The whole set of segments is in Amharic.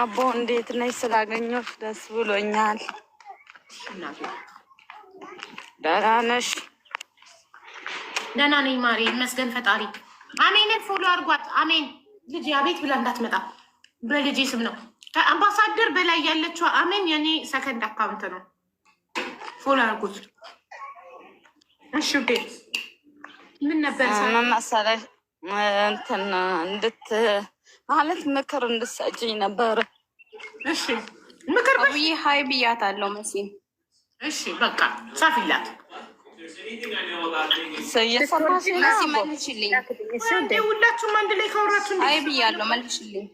አቦ እንዴት ነሽ? ስላገኘሁሽ ደስ ብሎኛል። ደህና ነሽ? ደህና ነኝ ማሬ፣ ይመስገን ፈጣሪ። አሜንን ፎሎ አድርጓት። አሜን ልጅ አቤት ብላ እንዳትመጣ በልጅ ስም ነው። ከአምባሳደር በላይ ያለችው አሜን የኔ ሰከንድ አካውንት ነው። ፎሎ አድርጉት እሺ። ውዴ ምን ነበር መሰለሽ እንትን እንድት ማለት ምክር እንድሰጭኝ ነበር። እሺ ምክር ሀይ ብያት አለው መሲ። እሺ በቃ ጻፊላት ሁላችሁም አንድ ላይ ከወራችሁ ሀይ ብያለሁ፣ መልሽልኝ።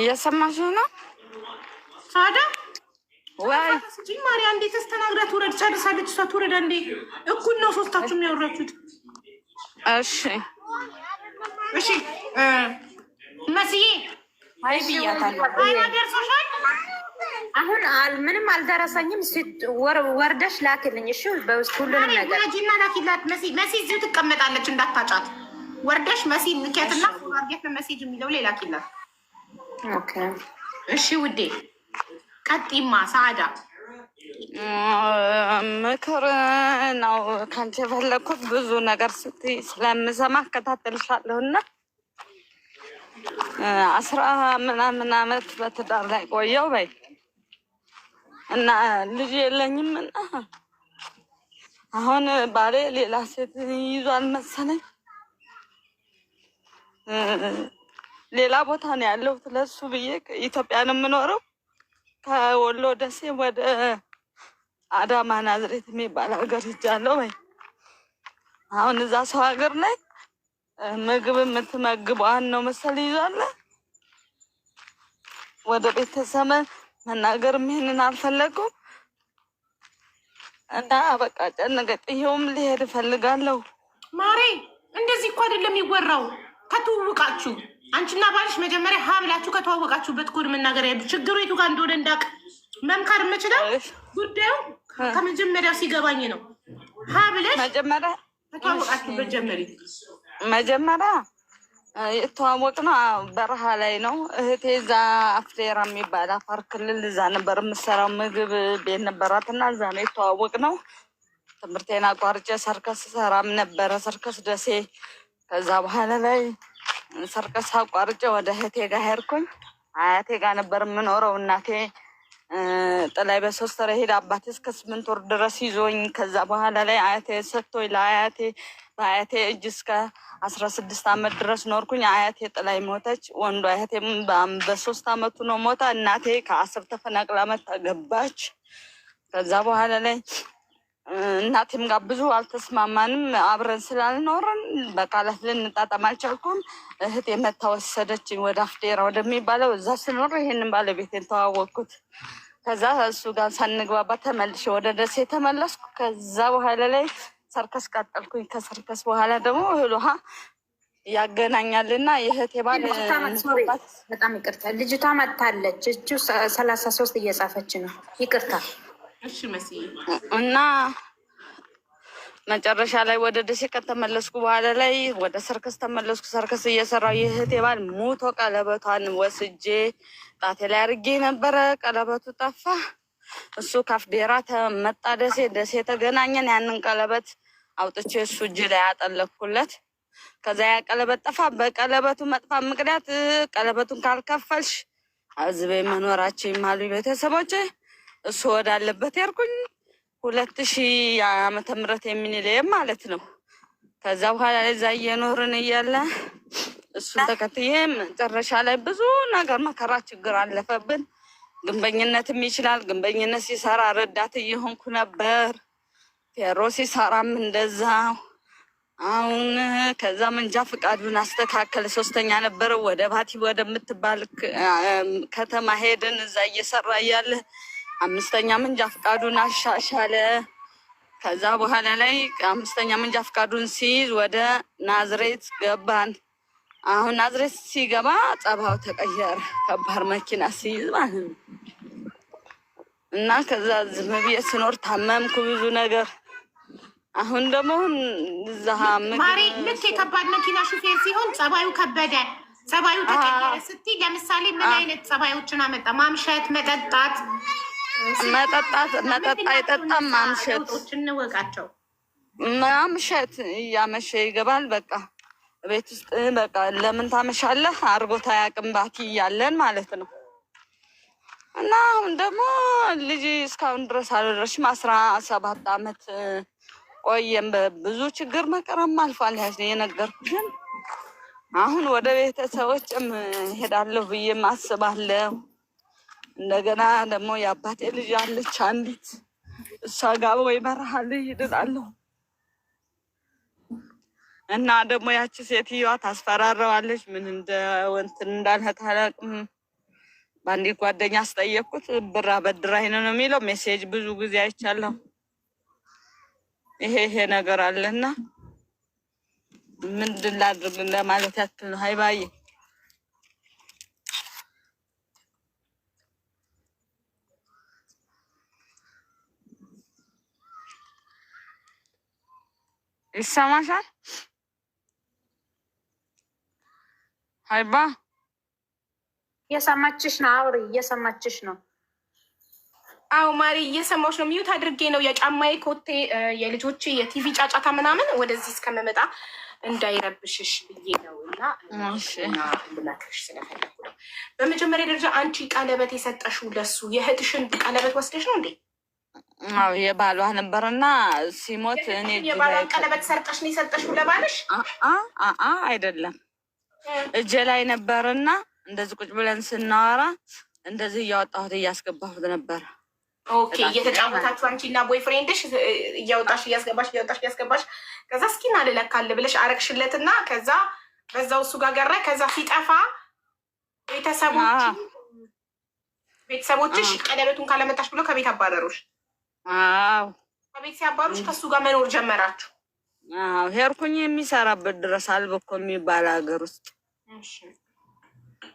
እየሰማሽ ነው ወይ ተስተናግዳ ትውረድ? ጨርሳለች እሷ እኩል ነው ሶስታችሁ የሚያወራችሁት። እሺ እሺ መስዬ አሁን ምንም አልደረሰኝም። ወርደሽ ላክልኝ። እሺ በውስጥ ሁሉንም ነገር ጅና ላኪላት። መሲ እዚሁ ትቀመጣለች እንዳታጫት። ወርደሽ መሲ ንኬትና መሴጅ የሚለው ላይ ላኪላት። እሺ ውዴ ቀጢማ ምክር ነው ከአንቺ የፈለግኩት ብዙ ነገር ስትይ ስለምሰማ እከታተልሻለሁ እና አስራ ምናምን አመት በትዳር ላይ ቆየው በይ እና ልጅ የለኝም እና አሁን ባሌ ሌላ ሴት ይዟል መሰለኝ ሌላ ቦታ ነው ያለው። ለሱ ብዬ ኢትዮጵያ ነው የምኖረው። ከወሎ ደሴ ወደ አዳማ ናዝሬት የሚባል ሀገር ሂጃለሁ። ወይ አሁን እዛ ሰው ሀገር ላይ ምግብ የምትመግበዋን ነው መሰል ይዟለ። ወደ ቤተሰብ መናገር ይሄንን አልፈለጉም እና በቃ ጨነቀኝ። ጥዬውም ሊሄድ እፈልጋለሁ። ማሬ እንደዚህ እኮ አይደለም የሚወራው። ከተዋወቃችሁ አንቺና ባልሽ መጀመሪያ ሀ ብላችሁ ከተዋወቃችሁበት ኮድ መናገር ያሉ ችግሩ የቱ ጋር እንደሆነ እንዳቅ መምከር የምችለው ጉዳዩ ከመጀመሪያው ሲገባኝ ነው። ሀ ብለሽ ተዋወቃችሁበት ጀመሪ። መጀመሪያ የተዋወቅ ነው በረሃ ላይ ነው። እህቴ እዛ አፍሌራ የሚባል አፋር ክልል እዛ ነበር የምሰራው ምግብ ቤት ነበራት እና እዛ ነው የተዋወቅ ነው። ትምህርቴን አቋርጬ ሰርከስ ሰራም ነበረ ሰርከስ ደሴ። ከዛ በኋላ ላይ ሰርከስ አቋርጬ ወደ እህቴ ጋር ሄድኩኝ። አያቴ ጋር ነበር የምኖረው እናቴ ጥላይ በሶስተረ ሄድ አባቴ እስከ ስምንት ወር ድረስ ይዞኝ ከዛ በኋላ ላይ አያቴ ሰጥቶኝ ለአያቴ በአያቴ እጅ እስከ አስራ ስድስት አመት ድረስ ኖርኩኝ። አያቴ ጥላይ ሞተች። ወንዱ አያቴ በሶስት አመቱ ነው ሞታ። እናቴ ከአስር ተፈናቅላ መታ ገባች። ከዛ በኋላ ላይ እናቴም ጋር ብዙ አልተስማማንም። አብረን ስላልኖርን በቃላት ልንጣጣም አልቻልኩም። እህቴ መታ ወደ አፍዴራ ወደሚባለው እዛ ስኖር ይህንን ባለቤቴን ተዋወቅኩት። ከዛ እሱ ጋር ሳንግባባ ተመልሼ ወደ ደሴ ተመለስኩ። ከዛ በኋላ ላይ ሰርከስ ቀጠልኩኝ። ከሰርከስ በኋላ ደግሞ እህል ውሃ ያገናኛልና የእህቴ ባል በጣም ይቅርታ ልጅቷ መታለች። እጁ ሰላሳ ሶስት እየጻፈች ነው። ይቅርታ እና መጨረሻ ላይ ወደ ደሴ ከተመለስኩ በኋላ ላይ ወደ ሰርከስ ተመለስኩ። ሰርከስ እየሰራው የእህቴ ባል ሙቶ ቀለበቷን ወስጄ ጣቴ ላይ አድርጌ ነበረ። ቀለበቱ ጠፋ። እሱ ካፍዴራ ተመጣ ደሴ። ደሴ ተገናኘን። ያንን ቀለበት አውጥቼ እሱ እጅ ላይ አጠለኩለት። ከዛ ያ ቀለበት ጠፋ። በቀለበቱ መጥፋት ምክንያት ቀለበቱን ካልከፈልሽ አዝቤ መኖራቸው ይማሉ ቤተሰቦቼ እሱ ወዳለበት ያልኩኝ ሁለት ሺህ ዓመተ ምህረት የሚንልየም ማለት ነው። ከዛ በኋላ እዛ እየኖርን እያለ እሱን ተከትዬ መጨረሻ ላይ ብዙ ነገር መከራ፣ ችግር አለፈብን። ግንበኝነትም ይችላል። ግንበኝነት ሲሰራ ረዳት እየሆንኩ ነበር። ፌሮ ሲሰራም እንደዛ። አሁን ከዛ መንጃ ፈቃዱን አስተካከል ሶስተኛ ነበር። ወደ ባቲ ወደምትባል ከተማ ሄድን። እዛ እየሰራ እያለ አምስተኛ መንጃ ፍቃዱን አሻሻለ። ከዛ በኋላ ላይ አምስተኛ መንጃ ፍቃዱን ሲይዝ ወደ ናዝሬት ገባን። አሁን ናዝሬት ሲገባ ጸባው ተቀየረ። ከባድ መኪና ሲይዝ ማለት ነው እና ከዛ ዝም ብዬ ስኖር ታመምኩ ብዙ ነገር። አሁን ደግሞ እዛ ማሪ ልክ የከባድ መኪና ሹፌር ሲሆን ጸባዩ ከበደ ጸባዩ ተቀየረ ስትይ ለምሳሌ ምን አይነት ጸባዮችን አመጣ? ማምሸት፣ መጠጣት መጠጣት መጠጣ አይጠጣም። ማምሸት ማምሸት እያመሸ ይገባል። በቃ ቤት ውስጥ በቃ ለምን ታመሻለህ አድርጎት አያውቅም። ባኪ እያለን ማለት ነው። እና አሁን ደግሞ ልጅ እስካሁን ድረስ አልደረስሽም። አስራ ሰባት አመት ቆየም በብዙ ችግር መከራም አልፏል። የነገርኩሽን አሁን ወደ ቤተሰቦችም ሄዳለሁ ብዬ አስባለሁ። እንደገና ደግሞ የአባቴ ልጅ አለች አንዲት እሷ ጋር ወይ መርሃል ይድላለሁ እና ደግሞ ያቺ ሴትዮዋ ታስፈራረዋለች። ምን እንደ ወንትን እንዳልህ ታላቅም በአንዲት ጓደኛ አስጠየቅኩት። ብራ አበድራኝ ነው የሚለው ሜሴጅ ብዙ ጊዜ አይቻለሁ። ይሄ ይሄ ነገር አለና ምንድን ላድርግ ለማለት ያክል ነው ሀይባዬ ይሰማሻል? አይባ እየሰማችሽ ነው። አውሪ እየሰማችሽ ነው። አው ማሪ እየሰማች ነው። ሚዩት አድርጌ ነው የጫማዬ ኮቴ፣ የልጆቼ የቲቪ ጫጫታ ምናምን ወደዚህ እስከመመጣ እንዳይረብሽሽ ብዬ ነው እና ልመክርሽ ስለፈለኩ ነው። በመጀመሪያ ደረጃ አንቺ ቀለበት የሰጠሽው ለሱ የእህትሽን ቀለበት ወስደሽ ነው እንዴ? አው የባሏ ነበርና ሲሞት እኔ የባሏን ቀለበት ሰርቀሽ ነው የሰጠሽው ለባልሽ? አይደለም እጄ ላይ ነበርና እንደዚህ ቁጭ ብለን ስናወራ እንደዚህ እያወጣሁት እያስገባሁት ነበር። ኦኬ እየተጫወታችሁ አንቺ እና ቦይፍሬንድሽ እያወጣሽ እያስገባሽ እያወጣሽ እያስገባሽ፣ ከዛ እስኪና ልለካል ብለሽ አረግሽለትና ከዛ በዛው እሱ ጋር ገራ። ከዛ ሲጠፋ ቤተሰቦች ቤተሰቦችሽ ቀለበቱን ካለመጣሽ ብሎ ከቤት አባረሩሽ። አዎ ከቤት ሲያባሩሽ ከሱ ጋር መኖር ጀመራችሁ? አዎ ሄድኩኝ የሚሰራበት ድረስ አልበኮ የሚባል ሀገር ውስጥ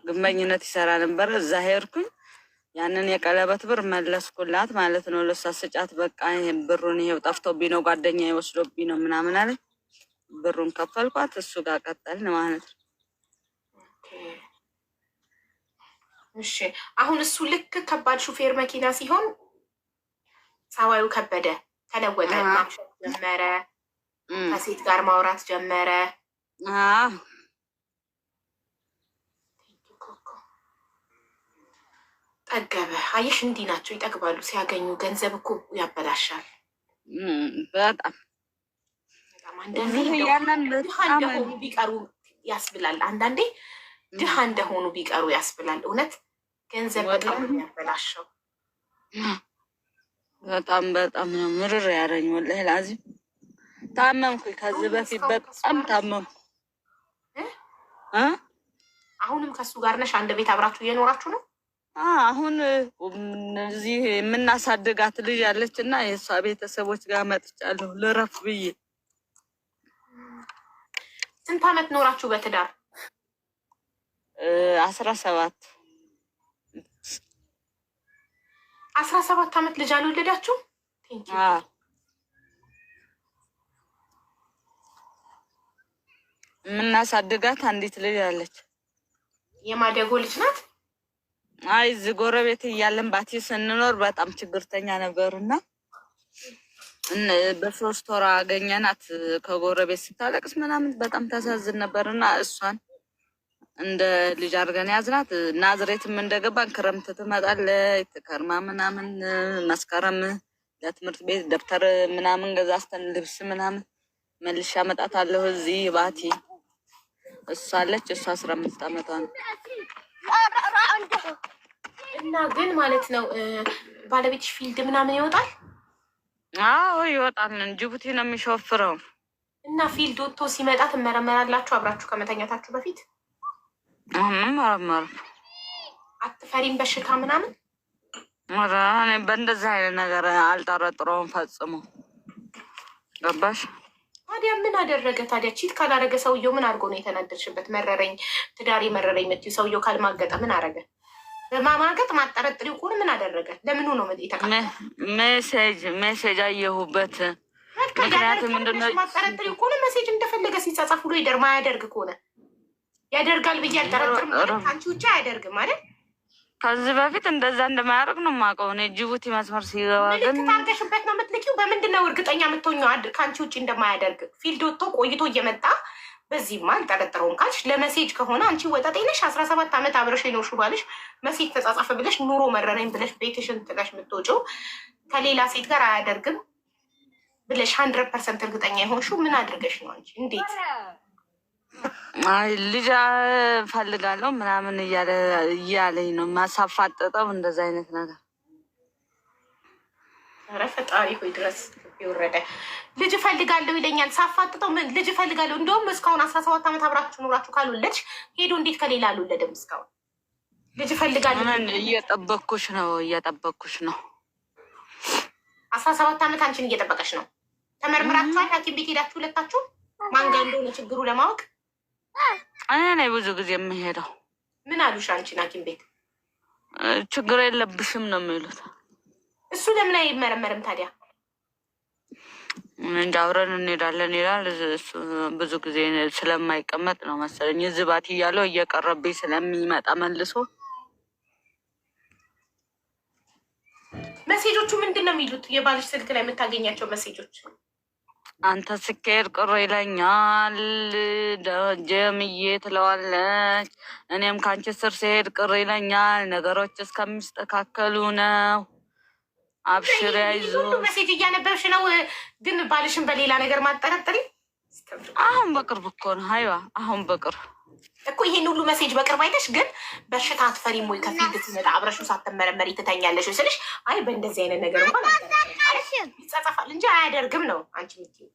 ግንበኝነት ይሰራ ነበረ። እዛ ሄድኩኝ ያንን የቀለበት ብር መለስኩላት ማለት ነው። ለሷ ስጫት በቃ ይሄን ብሩን ይሄው ጠፍቶብኝ ነው ጓደኛ የወስዶብኝ ነው ምናምን አለኝ። ብሩን ከፈልኳት፣ እሱ ጋር ቀጠልን ማለት ነው። እሺ አሁን እሱ ልክ ከባድ ሹፌር መኪና ሲሆን ፀባዩ ከበደ ተለወጠ፣ ማምሸት ጀመረ፣ ከሴት ጋር ማውራት ጀመረ። ጠገበ። አየሽ፣ እንዲህ ናቸው፣ ይጠግባሉ። ሲያገኙ ገንዘብ እኮ ያበላሻል። በጣም እንደሆኑ ቢቀሩ ያስብላል። አንዳንዴ ድሃ እንደሆኑ ቢቀሩ ያስብላል። እውነት ገንዘብ በጣም ያበላሸው በጣም በጣም ነው ምርር ያረኝ። ወላሂ ላዚም ታመምኩ። ከዚህ በፊት በጣም ታመምኩ። አሁንም ከሱ ጋር ነሽ? አንድ ቤት አብራችሁ እየኖራችሁ ነው? አሁን እዚህ የምናሳድጋት ልጅ ያለች እና የእሷ ቤተሰቦች ጋር መጥቻለሁ ልረፍ ብዬ። ስንት አመት ኖራችሁ በትዳር? አስራ ሰባት አስራ ሰባት ዓመት ልጅ አልወለዳችሁ? የምናሳድጋት አንዲት ልጅ አለች። የማደጎ ልጅ ናት። አይ እዚህ ጎረቤት እያለን ባቲ ስንኖር በጣም ችግርተኛ ነበሩና በሶስት ወር አገኘናት። ከጎረቤት ስታለቅስ ምናምን በጣም ታሳዝን ነበርና እሷን እንደ ልጅ አድርገን ያዝናት። ናዝሬትም እንደገባን ክረምት ትመጣለች ከርማ ምናምን መስከረም ለትምህርት ቤት ደብተር ምናምን ገዛስተን ልብስ ምናምን መልሻ መጣት አለሁ። እዚህ ባቲ እሷ አለች። እሷ አስራ አምስት ዓመቷ ነው እና ግን ማለት ነው ባለቤትሽ ፊልድ ምናምን ይወጣል? አዎ ይወጣል። ጅቡቲ ነው የሚሾፍረው እና ፊልድ ወጥቶ ሲመጣ ትመረመራላችሁ አብራችሁ ከመተኛታችሁ በፊት አትፈሪም? በሽታ ምናምን በእንደዚህ አይነት ነገር አልጠረጥረውም ፈጽሞ። ገባሽ? ታዲያ ምን አደረገ ታዲያ? ቺት ካላደረገ ሰውየው ምን አድርጎ ነው የተናደድሽበት? መረረኝ፣ ትዳሬ መረረኝ የምትይው ሰውየው ካልማገጠ ምን አረገ? በማማገጥ ማጠረጥሪው ከሆነ ምን አደረገ? ለምኑ ነው ሜሴጅ ሜሴጅ አየሁበት። ምክንያቱም ምንድነው ማጠረጥሪው ከሆነ ሜሴጅ እንደፈለገ ሲጻጻፍ ብሎ ይደር ማያደርግ ከሆነ ያደርጋል ብዬ አልጠረጥርም። አንቺ ብቻ አያደርግም ማለት ከዚህ በፊት እንደዛ እንደማያደርግ ነው የማውቀው። እኔ ጅቡቲ መስመር ሲገባ ግን ታርገሽበት ነው የምትልኪው። በምንድን ነው እርግጠኛ የምትሆኘው? ከአንቺ ውጭ እንደማያደርግ ፊልድ ወጥቶ ቆይቶ እየመጣ በዚህማ አልጠረጥረውም ካልሽ ለመሴጅ ከሆነ አንቺ ወጣጤ ነሽ። አስራ ሰባት ዓመት አብረሽ የኖርሽ ባልሽ መሴጅ ተጻጻፈ ብለሽ ኑሮ መረረኝ ብለሽ ቤትሽን ጥለሽ የምትወጪው ከሌላ ሴት ጋር አያደርግም ብለሽ ሀንድረድ ፐርሰንት እርግጠኛ የሆንሽው ምን አድርገሽ ነው አንቺ እንዴት አይ ልጅ ፈልጋለሁ ምናምን እያለኝ ነው ማሳፋጠጠው እንደዚ አይነት ነገር። ኧረ ፈጣሪ ሆይ ድረስ የወረደ ልጅ ፈልጋለሁ ይለኛል። ሳፋጥጠው ምን ልጅ ፈልጋለሁ። እንደውም እስካሁን አስራ ሰባት ዓመት አብራችሁ ኑራችሁ ካልወለድሽ ሄዶ እንዴት ከሌላ አልወለደም እስካሁን ልጅ ፈልጋለሁ። እየጠበኩሽ ነው እየጠበኩሽ ነው። አስራ ሰባት ዓመት አንቺን እየጠበቀች ነው። ተመርምራችኋል? ሐኪም ቤት ሄዳችሁ ሁለታችሁ ማንጋ እንደሆነ ችግሩ ለማወቅ እኔ ነኝ ብዙ ጊዜ የምሄደው። ምን አሉሽ አንቺን ሐኪም ቤት ችግር የለብሽም ነው የሚሉት። እሱ ለምን አይመረመርም ታዲያ? እንጃ አብረን እንሄዳለን ይላል። ብዙ ጊዜ ስለማይቀመጥ ነው መሰለኝ ዝባት እያለው እየቀረብኝ ስለሚመጣ መልሶ መሴጆቹ ምንድን ነው የሚሉት? የባልሽ ስልክ ላይ የምታገኛቸው መሴጆች አንተ ስኬድ ቅር ይለኛል ጀምዬ ትለዋለች። እኔም ከአንቺ ስር ስሄድ ቅር ይለኛል። ነገሮች እስከሚስተካከሉ ነው። አብሽር ያይዙ መሴጅ እያነበብሽ ነው። ግን ባልሽን በሌላ ነገር ማጠረጠሪ አሁን በቅርብ እኮ ነው። አይዋ አሁን በቅርብ እኮ ይሄን ሁሉ መሴጅ በቅርብ አይተሽ ግን በሽታ አትፈሪም ወይ? ከፊት ብትመጣ አብረሹ ሳትመረመሪ ትተኛለሽ ስልሽ አይ በእንደዚህ አይነት ነገር እንኳን ይጸጸፋል እንጂ አያደርግም ነው አንቺ የምትይው።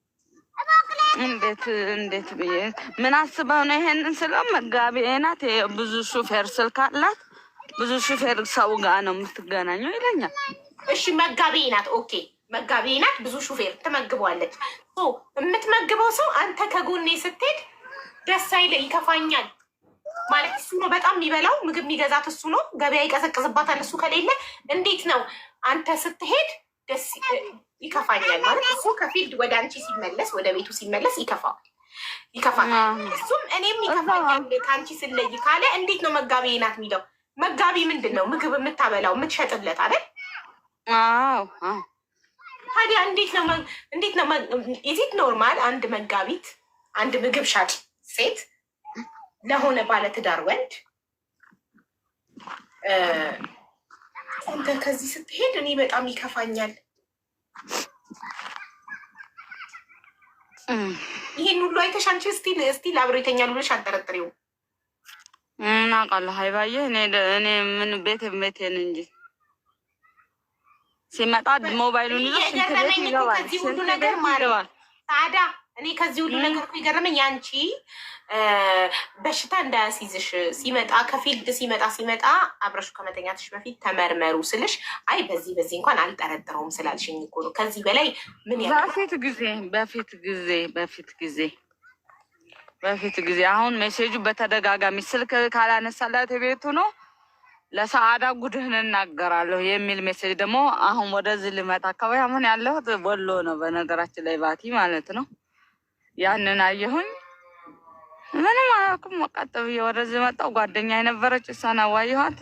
እንዴት እንዴት ብዬ ምን አስበው ነው ይሄንን ስለው፣ መጋቢ ናት ብዙ ሹፌር ስልካላት ብዙ ሹፌር ሰው ጋ ነው የምትገናኘው ይለኛል። እሺ መጋቢ ናት ኦኬ መጋቢ ናት ብዙ ሹፌር ትመግበዋለች። የምትመግበው ሰው አንተ ከጎኔ ስትሄድ ደስ አይለ ይከፋኛል ማለት እሱ ነው በጣም የሚበላው ምግብ የሚገዛት እሱ ነው። ገበያ ይቀዘቅዝባታል። እሱ ከሌለ እንዴት ነው አንተ ስትሄድ ደስ ይከፋኛል ማለት እሱ ከፊልድ ወደ አንቺ ሲመለስ ወደ ቤቱ ሲመለስ ይከፋዋል ይከፋል። እሱም እኔም ይከፋኛል ከአንቺ ስለይ ካለ እንዴት ነው መጋቢ ናት የሚለው? መጋቢ ምንድን ነው ምግብ የምታበላው የምትሸጥለት አይደል? ታዲያ እንዴት ነው እንዴት ነው ኢዚት ኖርማል አንድ መጋቢት አንድ ምግብ ሻጭ ሴት ለሆነ ባለትዳር ወንድ አንተ ከዚህ ስትሄድ እኔ በጣም ይከፋኛል። ይሄን ሁሉ አይተሽ አንቺ ስቲል ስቲል አብሮ ይተኛል ብለሽ አልጠረጥሬውም። እናውቃለሁ ሀይባዬ እኔ ምን ቤት ቤቴን እንጂ ሲመጣ ሞባይሉን ይዞ ሽንት ቤት ይገባል። እኔ ከዚህ ሁሉ ነገር እኮ የገረመኝ ያንቺ በሽታ እንዳያስይዝሽ ሲመጣ ከፊልድ ሲመጣ ሲመጣ አብረሹ ከመተኛትሽ በፊት ተመርመሩ ስልሽ አይ በዚህ በዚህ እንኳን አልጠረጥረውም ስላልሽኝ እኮ ነው። ከዚህ በላይ ምን በፊት ጊዜ በፊት ጊዜ በፊት ጊዜ በፊት ጊዜ አሁን ሜሴጁ በተደጋጋሚ ስልክ ካላነሳላት የቤቱ ነው ለሰአዳ ጉድህን እናገራለሁ የሚል ሜሴጅ ደግሞ አሁን ወደዚህ ልመጣ አካባቢ አሁን ያለሁት ወሎ ነው፣ በነገራችን ላይ ባቲ ማለት ነው። ያንን አየሁኝ። ምንም አላልኩም። ወቃጥ እየወረዝ መጣው ጓደኛ የነበረች እሷን አዋየኋት፣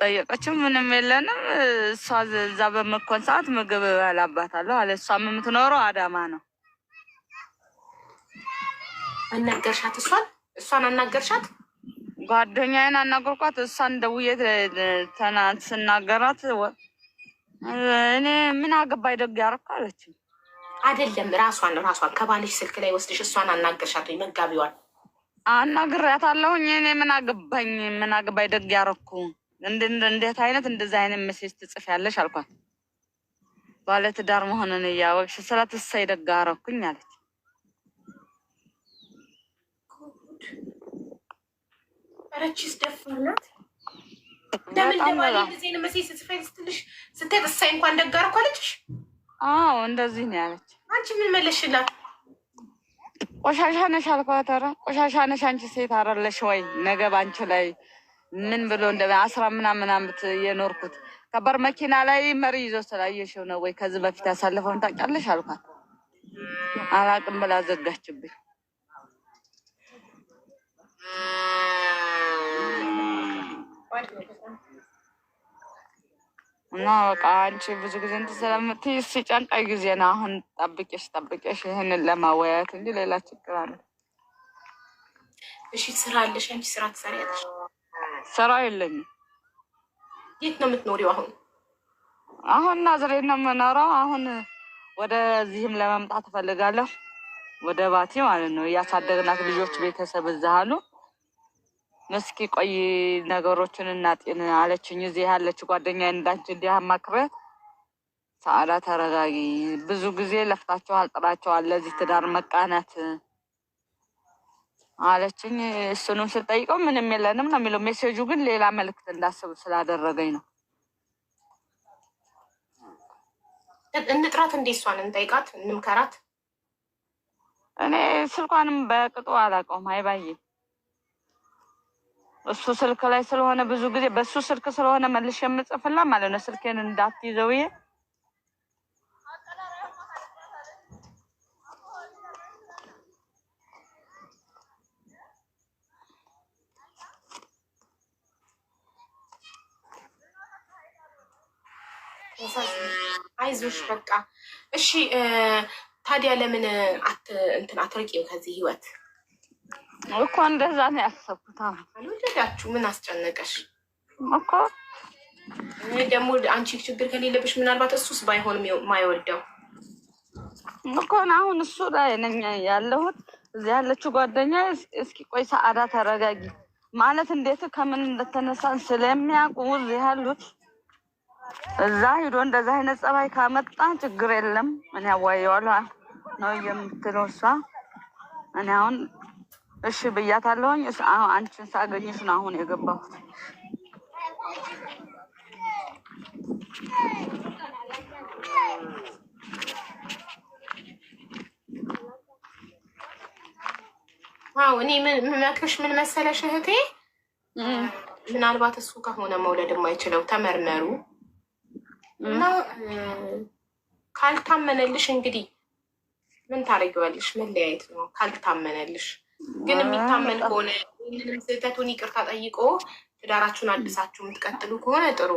ጠየቀችም። ምንም የለንም። እሷ እዛ በመኮን ሰዓት ምግብ እበላባታለሁ አለ። እሷም የምትኖረው አዳማ ነው። አናገርሻት? እሷን እሷን አናገርሻት? ጓደኛዬን አናገርኳት። እሷን ደውዬ ትናንት ስናገራት እኔ ምን አገባኝ ደግ ያደረኩ አለችኝ። አይደለም ራሷን ነው ራሷን ከባልሽ ስልክ ላይ ወስድሽ እሷን አናገርሻት ወይ መጋቢዋል አናግሬያታለሁ። እኔ ምን አገባኝ ምን አገባኝ ደግ ያረኩ እንዴት አይነት እንደዚህ አይነት ሜሴጅ ትጽፊያለሽ አልኳት። ባለትዳር መሆንን እያወቅሽ ስለትሳይ ደግ አረኩኝ አለች። ረቺስ ደፋናት ለምን ደማ ጊዜ ሜሴጅ ስትፈልስ ትንሽ ስትይ እሳይ እንኳን ደግ አረኩ አለችሽ። አዎ እንደዚህ ነው ያለች። አንቺ ምን መለሽላት? ቆሻሻ ነሽ አልኳት። ኧረ ቆሻሻ ነሽ አንቺ ሴት አረለሽ ወይ ነገ ባንቺ ላይ ምን ብሎ እንደ አስራ ምናምን አመት የኖርኩት ከባድ መኪና ላይ መሪ ይዞ ስላየሽው ነው ወይ ከዚህ በፊት ያሳለፈውን ታውቂያለሽ አልኳት። አላቅም ብላ ዘጋችብኝ። እና በቃ አንቺ ብዙ ጊዜ እንትን ስለምትይ ሲጨንቀኝ ጊዜ ነው አሁን ጠብቄሽ ጠብቄሽ ይህንን ለማወያየት እንጂ ሌላ ችግር አለ። እሺ ስራ አለሽ? አንቺ ስራ ትሰሪያለሽ? ስራ የለኝም። የት ነው የምትኖሪው አሁን? አሁን ናዝሬት ነው የምኖረው። አሁን ወደዚህም ለመምጣት እፈልጋለሁ፣ ወደ ባቲ ማለት ነው። እያሳደግናት ልጆች ቤተሰብ እዛ አሉ እስኪ ቆይ ነገሮችን እናጤን አለችኝ። እዚህ ያለች ጓደኛ እንዳንቺ እንዲህ አማክረህ ሰዓዳ ተረጋጊ፣ ብዙ ጊዜ ለፍታችኋል፣ ጥራችኋል ለዚህ ትዳር መቃናት አለችኝ። እሱንም ስጠይቀው ምንም የለንም ነው የሚለው። ሜሴጁ ግን ሌላ መልክት እንዳስብ ስላደረገኝ ነው። እንጥራት፣ እንዲ እሷን እንጠይቃት፣ እንምከራት። እኔ ስልኳንም በቅጡ አላውቀውም። አይባዬ እሱ ስልክ ላይ ስለሆነ ብዙ ጊዜ በእሱ ስልክ ስለሆነ መልሽ የምጽፍላ ማለት ነው። ስልኬን እንዳትይዘውዬ አይዞሽ በቃ እሺ። ታዲያ ለምን እንትን አትርቂም ከዚህ ህይወት? እኮ እንደዛ ነው ያሰብኩት። ምን አስጨነቀሽ እኮ ደግሞ አንቺ ችግር ከሌለብሽ ምናልባት እሱስ ባይሆን ማይወደው እኮን አሁን እሱ ላይ ነኝ ያለሁት። እዚህ ያለችው ጓደኛ እስኪ ቆይ ሰዓዳ ተረጋጊ ማለት እንዴት ከምን እንደተነሳን ስለሚያውቁ እዚህ ያሉት እዛ ሂዶ አይነት ጸባይ ካመጣ ችግር የለም እኔ አዋየዋለሁ ነው የምትለው እሷ እኔ አሁን እሺ ብያታለሁኝ። አንቺን ሳገኝሽ ነው አሁን የገባሁት። አዎ እኔ ምመክርሽ ምን መሰለሽ እህቴ፣ ምናልባት እሱ ከሆነ መውለድ የማይችለው ተመርመሩ እና ካልታመነልሽ እንግዲህ ምን ታደርጊዋለሽ? መለያየት ነው ካልታመነልሽ ግን የሚታመን ከሆነ ስህተቱን ይቅርታ ጠይቆ ትዳራችሁን አድሳችሁ የምትቀጥሉ ከሆነ ጥሩ።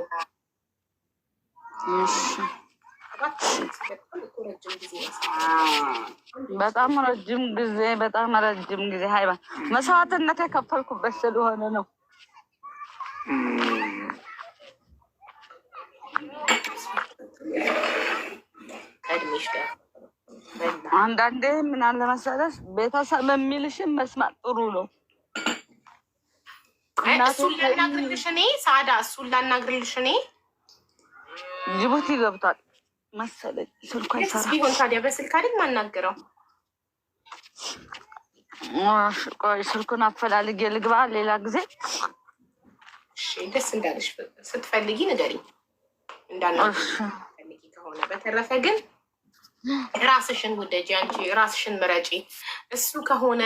በጣም ረጅም ጊዜ በጣም ረጅም ጊዜ ሀይባ መስዋዕትነት የከፈልኩበት ስለሆነ ነው። ጋር አንዳንዴ ምን አለ መሰለሽ ቤተሰብ የሚልሽን መስማት ጥሩ ነው። እሱን ላናግርልሽ እኔ ሳዳ እሱን ላናግርልሽ እኔ ጅቡቲ ገብቷል መሰለኝ ስልኳ ቢሆን ታዲያ በስልክ አይደል ማናገረው? ስልኩን አፈላልጌ ልግባ። ሌላ ጊዜ ደስ እንዳለሽ ስትፈልጊ ንገሪኝ። እንዳና ከሆነ በተረፈ ግን ራስሽን ውደጂ፣ አንቺ ራስሽን ምረጪ። እሱ ከሆነ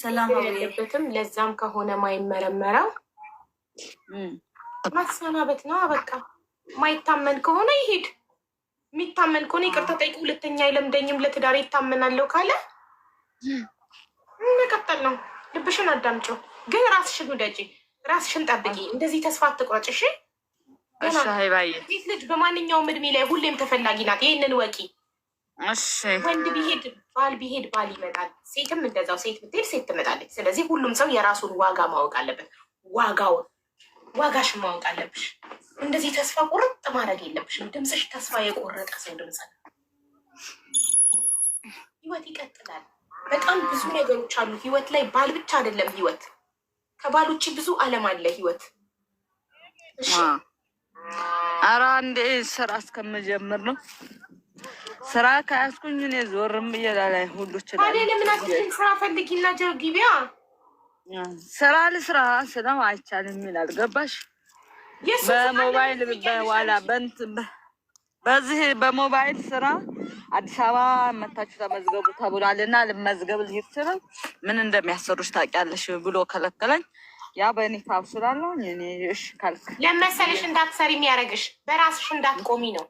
ሰላም የለበትም። ለዛም ከሆነ ማይመረመረው ማሰናበት ነው። በቃ ማይታመን ከሆነ ይሄድ፣ የሚታመን ከሆነ ይቅርታ ጠይቅ። ሁለተኛ አይለምደኝም ለትዳር ይታመናለሁ ካለ መቀጠል ነው። ልብሽን አዳምጪው፣ ግን ራስሽን ውደጂ፣ ራስሽን ጠብቂ። እንደዚህ ተስፋ አትቁረጭ። እሺ ሴት ልጅ በማንኛውም እድሜ ላይ ሁሌም ተፈላጊ ናት። ይህንን ወቂ። ወንድ ቢሄድ ባል ቢሄድ ባል ይመጣል። ሴትም እንደዛው፣ ሴት ብትሄድ ሴት ትመጣለች። ስለዚህ ሁሉም ሰው የራሱን ዋጋ ማወቅ አለበት። ዋጋውን ዋጋሽ ማወቅ አለብሽ። እንደዚህ ተስፋ ቁርጥ ማድረግ የለብሽም። ድምፅሽ ተስፋ የቆረጠ ሰው ድምፅ ህይወት ይቀጥላል። በጣም ብዙ ነገሮች አሉ ህይወት ላይ ባል ብቻ አይደለም ህይወት። ከባሎች ብዙ አለም አለ ህይወት እሺ ኧረ አንዴ ስራ እስከምጀምር ነው። ስራ ከያዝኩኝ እኔ ዞርም እየላላይ ሁሉ ስራ ፈልጊና ጀርጊቢያ ስራ ልስራ ስለው አይቻልም ይላል። ገባሽ? በሞባይል በኋላ በንት በዚህ በሞባይል ስራ አዲስ አበባ መታችሁ ተመዝገቡ ተብሏልና ልመዝገብ ልሄድ ስለው ምን እንደሚያሰሩች ታውቂያለሽ ብሎ ከለከለኝ። ያ በእኔ ካብ ስላለሁኝ እኔ እሺ ካልክ ለመሰለሽ እንዳትሰሪ የሚያደርግሽ በራስሽ እንዳትቆሚ ነው።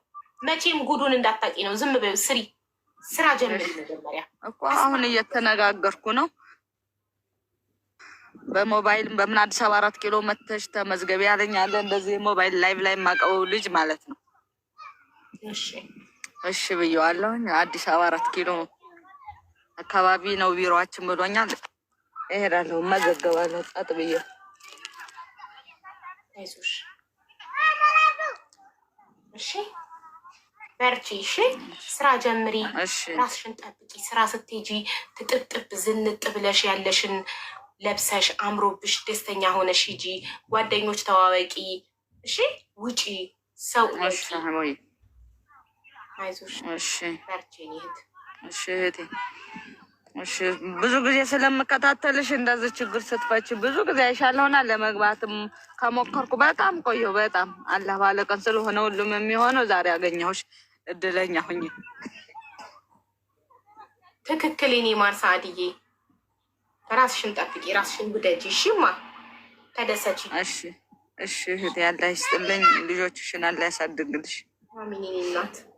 መቼም ጉዱን እንዳታቂ ነው። ዝም በይው፣ ስሪ፣ ስራ ጀምሪ። መጀመሪያ እኮ አሁን እየተነጋገርኩ ነው። በሞባይል በምን አዲስ አበባ አራት ኪሎ መተሽ ተመዝገቢ ያለኝ አለ። እንደዚህ ሞባይል ላይቭ ላይ የማቀበው ልጅ ማለት ነው። እሺ ብየዋለሁኝ። አዲስ አበባ አራት ኪሎ አካባቢ ነው ቢሮዋችን ብሎኛል። እሄዳለሁ እመዘገባለሁ። ጣጥ ብዬ አይዞሽ፣ እሺ በርቺ፣ እሺ ስራ ጀምሪ፣ ራስሽን ጠብቂ። ስራ ስትሄጂ ትጥብጥብ ዝንጥ ብለሽ ያለሽን ለብሰሽ አምሮብሽ ደስተኛ ሆነሽ ሂጂ። ጓደኞች ተዋወቂ፣ እሺ ውጪ፣ ሰው አይዞሽ፣ በርቺ እህቴ ብዙ ጊዜ ስለምከታተልሽ እንደዚህ ችግር ስትፈች ብዙ ጊዜ አይሻለሁና ለመግባትም ከሞከርኩ በጣም ቆየሁ። በጣም አላህ ባለቀን ስለሆነ ሁሉም የሚሆነው ዛሬ አገኘሁሽ፣ እድለኛ ሁኝ። ትክክል ኔ ማር ሰዓድዬ፣ ራስሽን ጠብቂ፣ ራስሽን ጉደጂ። እሺማ ተደሰች። እሺ እሺ፣ እህቴ አላህ ይስጥልኝ፣ ልጆችሽን አላህ ያሳድግልሽ። አሚን